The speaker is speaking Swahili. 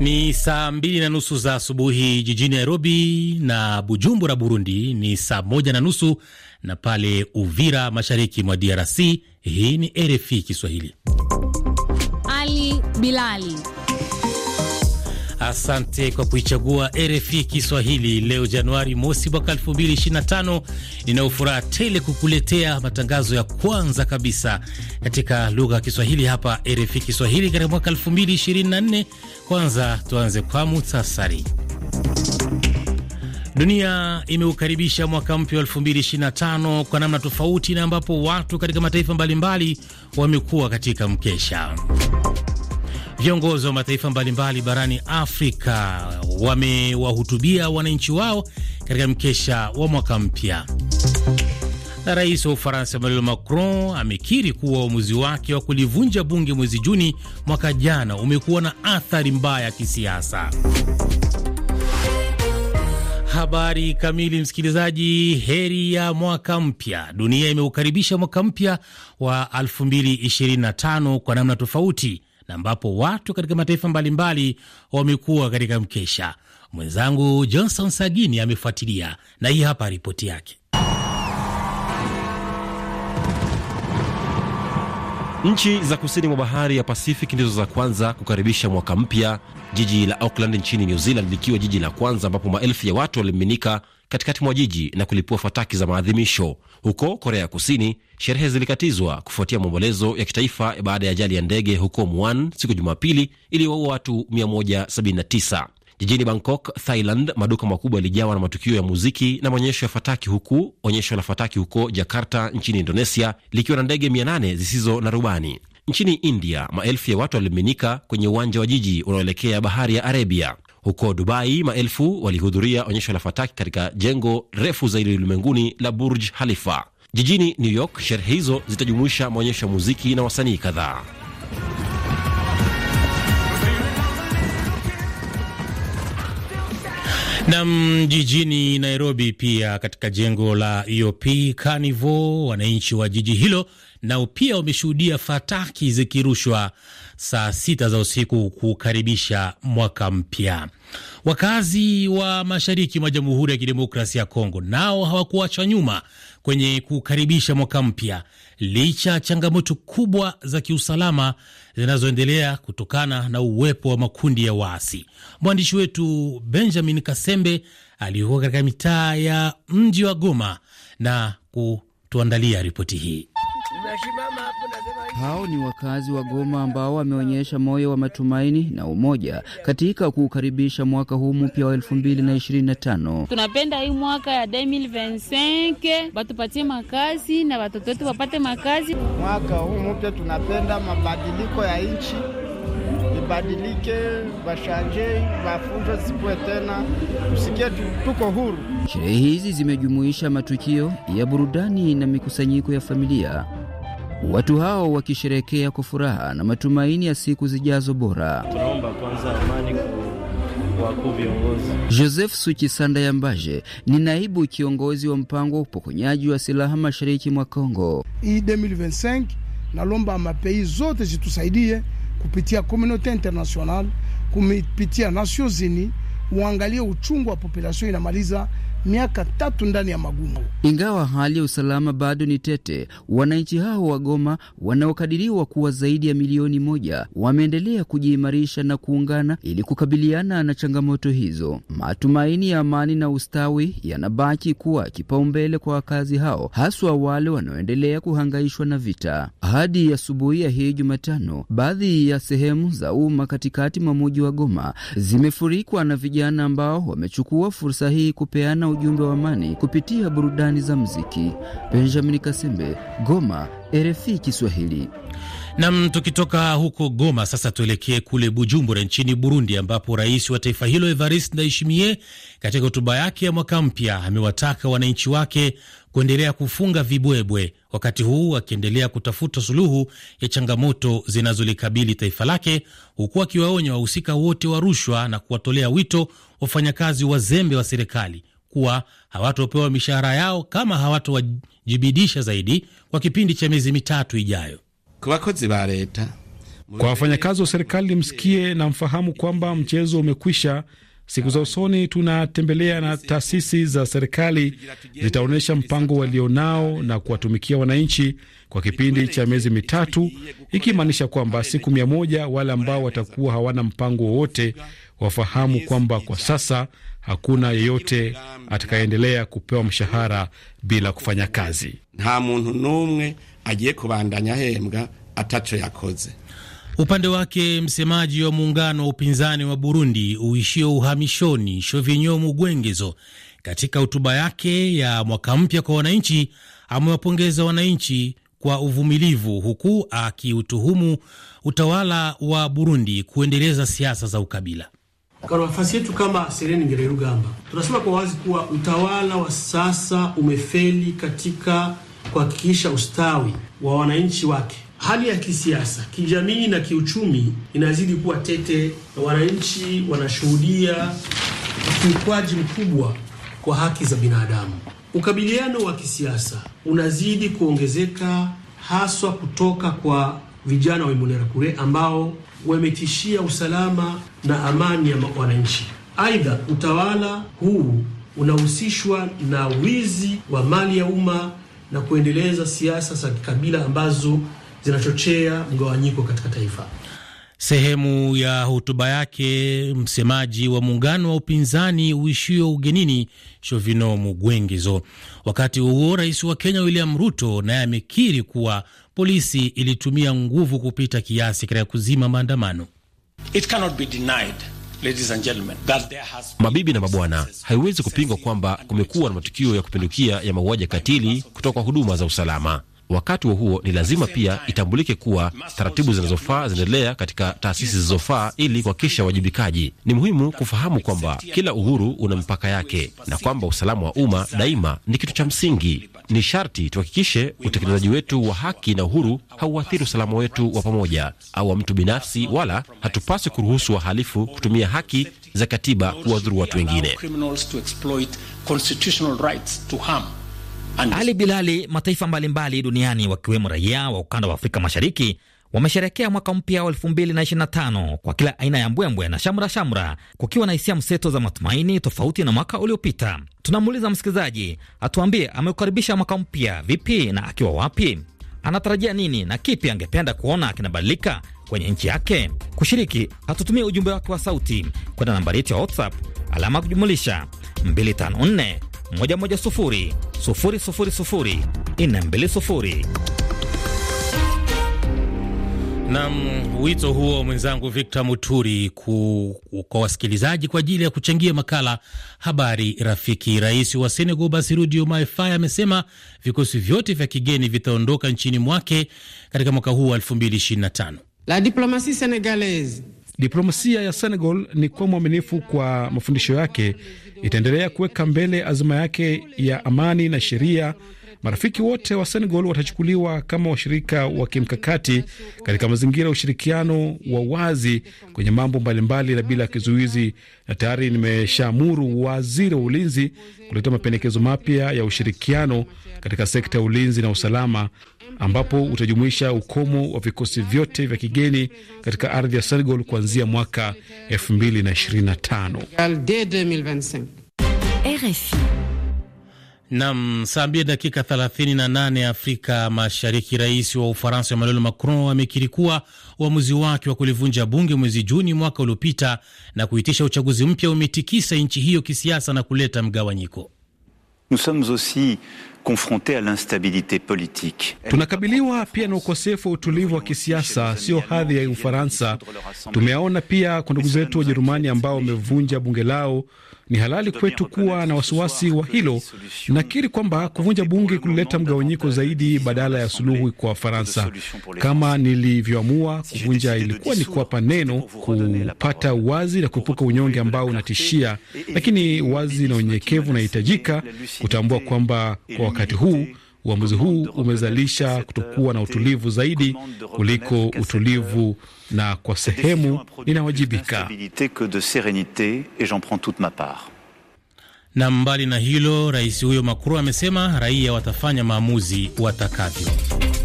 Ni saa mbili na nusu za asubuhi jijini Nairobi na Bujumbura, Burundi ni saa moja na nusu na pale Uvira, mashariki mwa DRC. Hii ni RFI Kiswahili. Ali Bilali Asante kwa kuichagua RFI Kiswahili leo Januari mosi mwaka 2025. Nina furaha tele kukuletea matangazo ya kwanza kabisa katika lugha ya Kiswahili hapa RFI Kiswahili katika mwaka 2024. Kwanza tuanze kwa muhtasari. Dunia imeukaribisha mwaka mpya wa 2025 kwa namna tofauti na ambapo watu katika mataifa mbalimbali wamekuwa katika mkesha Viongozi wa mataifa mbalimbali barani Afrika wamewahutubia wananchi wao katika mkesha wa mwaka mpya. Na rais wa Ufaransa Emmanuel Macron amekiri kuwa uamuzi wake wa kulivunja bunge mwezi Juni mwaka jana umekuwa na athari mbaya ya kisiasa. Habari kamili, msikilizaji. Heri ya mwaka mpya. Dunia imeukaribisha mwaka mpya wa 2025 kwa namna tofauti na ambapo watu katika mataifa mbalimbali wamekuwa katika mkesha. Mwenzangu Johnson Sagini amefuatilia na hii hapa ripoti yake. Nchi za kusini mwa bahari ya Pacific ndizo za kwanza kukaribisha mwaka mpya, jiji la Auckland nchini New Zealand likiwa jiji la kwanza ambapo maelfu ya watu walimiminika katikati mwa jiji na kulipua fataki za maadhimisho. Huko Korea ya Kusini, sherehe zilikatizwa kufuatia maombolezo ya kitaifa baada ya ajali ya ndege huko Muan siku Jumapili iliyowaua watu 179. Jijini Bangkok, Thailand, maduka makubwa yalijawa na matukio ya muziki na maonyesho ya fataki, huku onyesho la fataki huko Jakarta nchini Indonesia likiwa na ndege 800 zisizo na rubani. Nchini India, maelfu ya watu walimiminika kwenye uwanja wa jiji unaoelekea bahari ya Arabia. Huko Dubai, maelfu walihudhuria onyesho la fataki katika jengo refu zaidi ulimwenguni la Burj Khalifa. Jijini New York, sherehe hizo zitajumuisha maonyesho ya muziki na wasanii kadhaa. Nam jijini Nairobi, pia katika jengo la EOP Carnival, wananchi wa jiji hilo nao pia wameshuhudia fataki zikirushwa saa sita za usiku kukaribisha mwaka mpya. Wakazi wa mashariki mwa Jamhuri ya Kidemokrasia ya Kongo nao hawakuachwa nyuma kwenye kukaribisha mwaka mpya licha ya changamoto kubwa za kiusalama zinazoendelea kutokana na uwepo wa makundi ya waasi. Mwandishi wetu Benjamin Kasembe aliyekuwa katika mitaa ya mji wa Goma na kutuandalia ripoti hii. Tunashibama. Hao ni wakazi wa Goma ambao wameonyesha moyo wa matumaini na umoja katika kuukaribisha mwaka huu mpya wa 2025. Tunapenda hii mwaka ya 2025 batupatie makazi na watoto wetu wapate makazi. Mwaka huu mpya tunapenda mabadiliko ya nchi ibadilike, bashanje, bafunjo zikuwe tena, tusikie tuko huru. Sherehe hizi zimejumuisha matukio ya burudani na mikusanyiko ya familia watu hao wakisherekea kwa furaha na matumaini ya siku zijazo bora. Tunaomba kwanza amani wakuu viongozi. Joseph Suchisanda Yambaje ni naibu kiongozi wa mpango wa upokonyaji wa silaha mashariki mwa congo Hii 2025 nalomba mapei zote zitusaidie kupitia komunote international, kupitia Nations uangalie uchungu wa populasion inamaliza miaka tatu ndani ya magumu. Ingawa hali ya usalama bado ni tete, wananchi hao wa Goma wanaokadiriwa kuwa zaidi ya milioni moja wameendelea kujiimarisha na kuungana ili kukabiliana na changamoto hizo. Matumaini ya amani na ustawi yanabaki kuwa kipaumbele kwa wakazi hao, haswa wale wanaoendelea kuhangaishwa na vita. Hadi asubuhi ya hii Jumatano, baadhi ya sehemu za umma katikati mwa muji wa Goma zimefurikwa na vijana ambao wamechukua fursa hii kupeana ujumbe wa amani kupitia burudani za mziki. Benjamin Kasembe, Goma, RFI Kiswahili. Nam, tukitoka huko Goma sasa tuelekee kule Bujumbura nchini Burundi, ambapo rais wa taifa hilo evarist Ndaishimie katika hotuba yake ya mwaka mpya amewataka wananchi wake kuendelea kufunga vibwebwe, wakati huu akiendelea kutafuta suluhu ya changamoto zinazolikabili taifa lake, huku akiwaonya wahusika wote wa rushwa na kuwatolea wito wafanyakazi wazembe wa serikali kuwa hawatopewa mishahara yao kama hawatowajibidisha zaidi kwa kipindi cha miezi mitatu ijayo. Kwa wafanyakazi wa serikali, msikie na mfahamu kwamba mchezo umekwisha. Siku za usoni tunatembelea na taasisi za serikali zitaonyesha mpango walionao na kuwatumikia wananchi kwa kipindi cha miezi mitatu, ikimaanisha kwamba siku mia moja wale ambao watakuwa hawana mpango wowote wafahamu kwamba kwa sasa hakuna yeyote atakayeendelea kupewa mshahara bila kufanya kazi. nta muntu n'umwe agiye kubandanya hembwa atacho yakoze. Upande wake msemaji wa muungano wa upinzani wa Burundi uishio uhamishoni Shovinyo Mugwengezo katika hotuba yake ya mwaka mpya kwa wananchi amewapongeza wananchi kwa uvumilivu, huku akiutuhumu utawala wa Burundi kuendeleza siasa za ukabila. Kwa nafasi yetu kama Sereni Ngererugamba, tunasema kwa wazi kuwa utawala wa sasa umefeli katika kuhakikisha ustawi wa wananchi wake. Hali ya kisiasa, kijamii na kiuchumi inazidi kuwa tete, na wananchi wanashuhudia ukiukwaji mkubwa kwa haki za binadamu. Ukabiliano wa kisiasa unazidi kuongezeka haswa kutoka kwa vijana wa Imbonerakure ambao wametishia usalama na amani ya wananchi. Aidha, utawala huu unahusishwa na wizi wa mali ya umma na kuendeleza siasa za kikabila ambazo zinachochea mgawanyiko katika taifa. Sehemu ya hotuba yake, msemaji wa muungano wa upinzani uishio ugenini Shovino Mugwengezo. Wakati huo rais wa Kenya William Ruto naye amekiri kuwa polisi ilitumia nguvu kupita kiasi katika kuzima maandamano. Mabibi na mabwana, haiwezi kupingwa kwamba kumekuwa na matukio ya kupindukia ya mauaji ya katili kutoka kwa huduma za usalama. Wakati wa huo ni lazima pia itambulike kuwa taratibu zinazofaa zinaendelea katika taasisi zilizofaa ili kuhakikisha wajibikaji Ni muhimu kufahamu kwamba kila uhuru una mipaka yake na kwamba usalama wa umma daima ni kitu cha msingi. Ni sharti tuhakikishe utekelezaji wetu wa haki na uhuru hauathiri usalama wetu wa pamoja au wa mtu binafsi, wala hatupaswi kuruhusu wahalifu kutumia haki za katiba kuwadhuru watu wengine. Ali Bilali, mataifa mbalimbali mbali duniani wakiwemo raia wa ukanda wa Afrika Mashariki wamesherekea mwaka mpya wa 2025 kwa kila aina ya mbwembwe na shamra shamra, kukiwa na hisia mseto za matumaini tofauti na mwaka uliopita. Tunamuuliza msikilizaji atuambie ameukaribisha mwaka mpya vipi na akiwa wapi, anatarajia nini na kipi angependa kuona kinabadilika kwenye nchi yake. Kushiriki, hatutumie ujumbe wake wa sauti kwenda nambari yetu ya WhatsApp alama kujumulisha 254 110 Nam, wito huo mwenzangu Victor Muturi ku, kwa wasikilizaji kwa ajili ya kuchangia makala habari rafiki. Rais wa Senegal Bassirou Diomaye Faye amesema vikosi vyote vya kigeni vitaondoka nchini mwake katika mwaka huu wa 2025. La diplomatie senegalaise Diplomasia ya Senegal ni kuwa mwaminifu kwa mafundisho yake, itaendelea kuweka mbele azima yake ya amani na sheria Marafiki wote wa Senegal watachukuliwa kama washirika wa kimkakati katika mazingira ya ushirikiano wa wazi kwenye mambo mbalimbali na bila kizuizi, na tayari nimeshaamuru waziri wa ulinzi kuleta mapendekezo mapya ya ushirikiano katika sekta ya ulinzi na usalama ambapo utajumuisha ukomo wa vikosi vyote vya kigeni katika ardhi ya Senegal kuanzia mwaka 2025. RFI Nam, saa mbili dakika 38 Afrika Mashariki. Rais wa Ufaransa Emmanuel Macron amekiri kuwa uamuzi wake wa kulivunja bunge mwezi Juni mwaka uliopita na kuitisha uchaguzi mpya umetikisa nchi hiyo kisiasa na kuleta mgawanyiko. Nous sommes aussi confrontés à l'instabilité politique. Tunakabiliwa pia na ukosefu wa utulivu wa kisiasa, sio hadhi ya Ufaransa. Tumeaona pia kwa ndugu zetu Wajerumani ambao wamevunja bunge lao. Ni halali kwetu kuwa na wasiwasi wa hilo. Nakiri kwamba kuvunja bunge kulileta mgawanyiko zaidi badala ya suluhu kwa faransa Kama nilivyoamua kuvunja, ilikuwa ni kuwapa neno, kupata uwazi na kuepuka unyonge ambao unatishia, lakini wazi na unyenyekevu unahitajika, kutambua kwamba kwa wakati huu uamuzi huu umezalisha kutokuwa na utulivu zaidi kuliko utulivu, na kwa sehemu ninawajibika. Na mbali na hilo, rais huyo Macron amesema raia watafanya maamuzi watakavyo.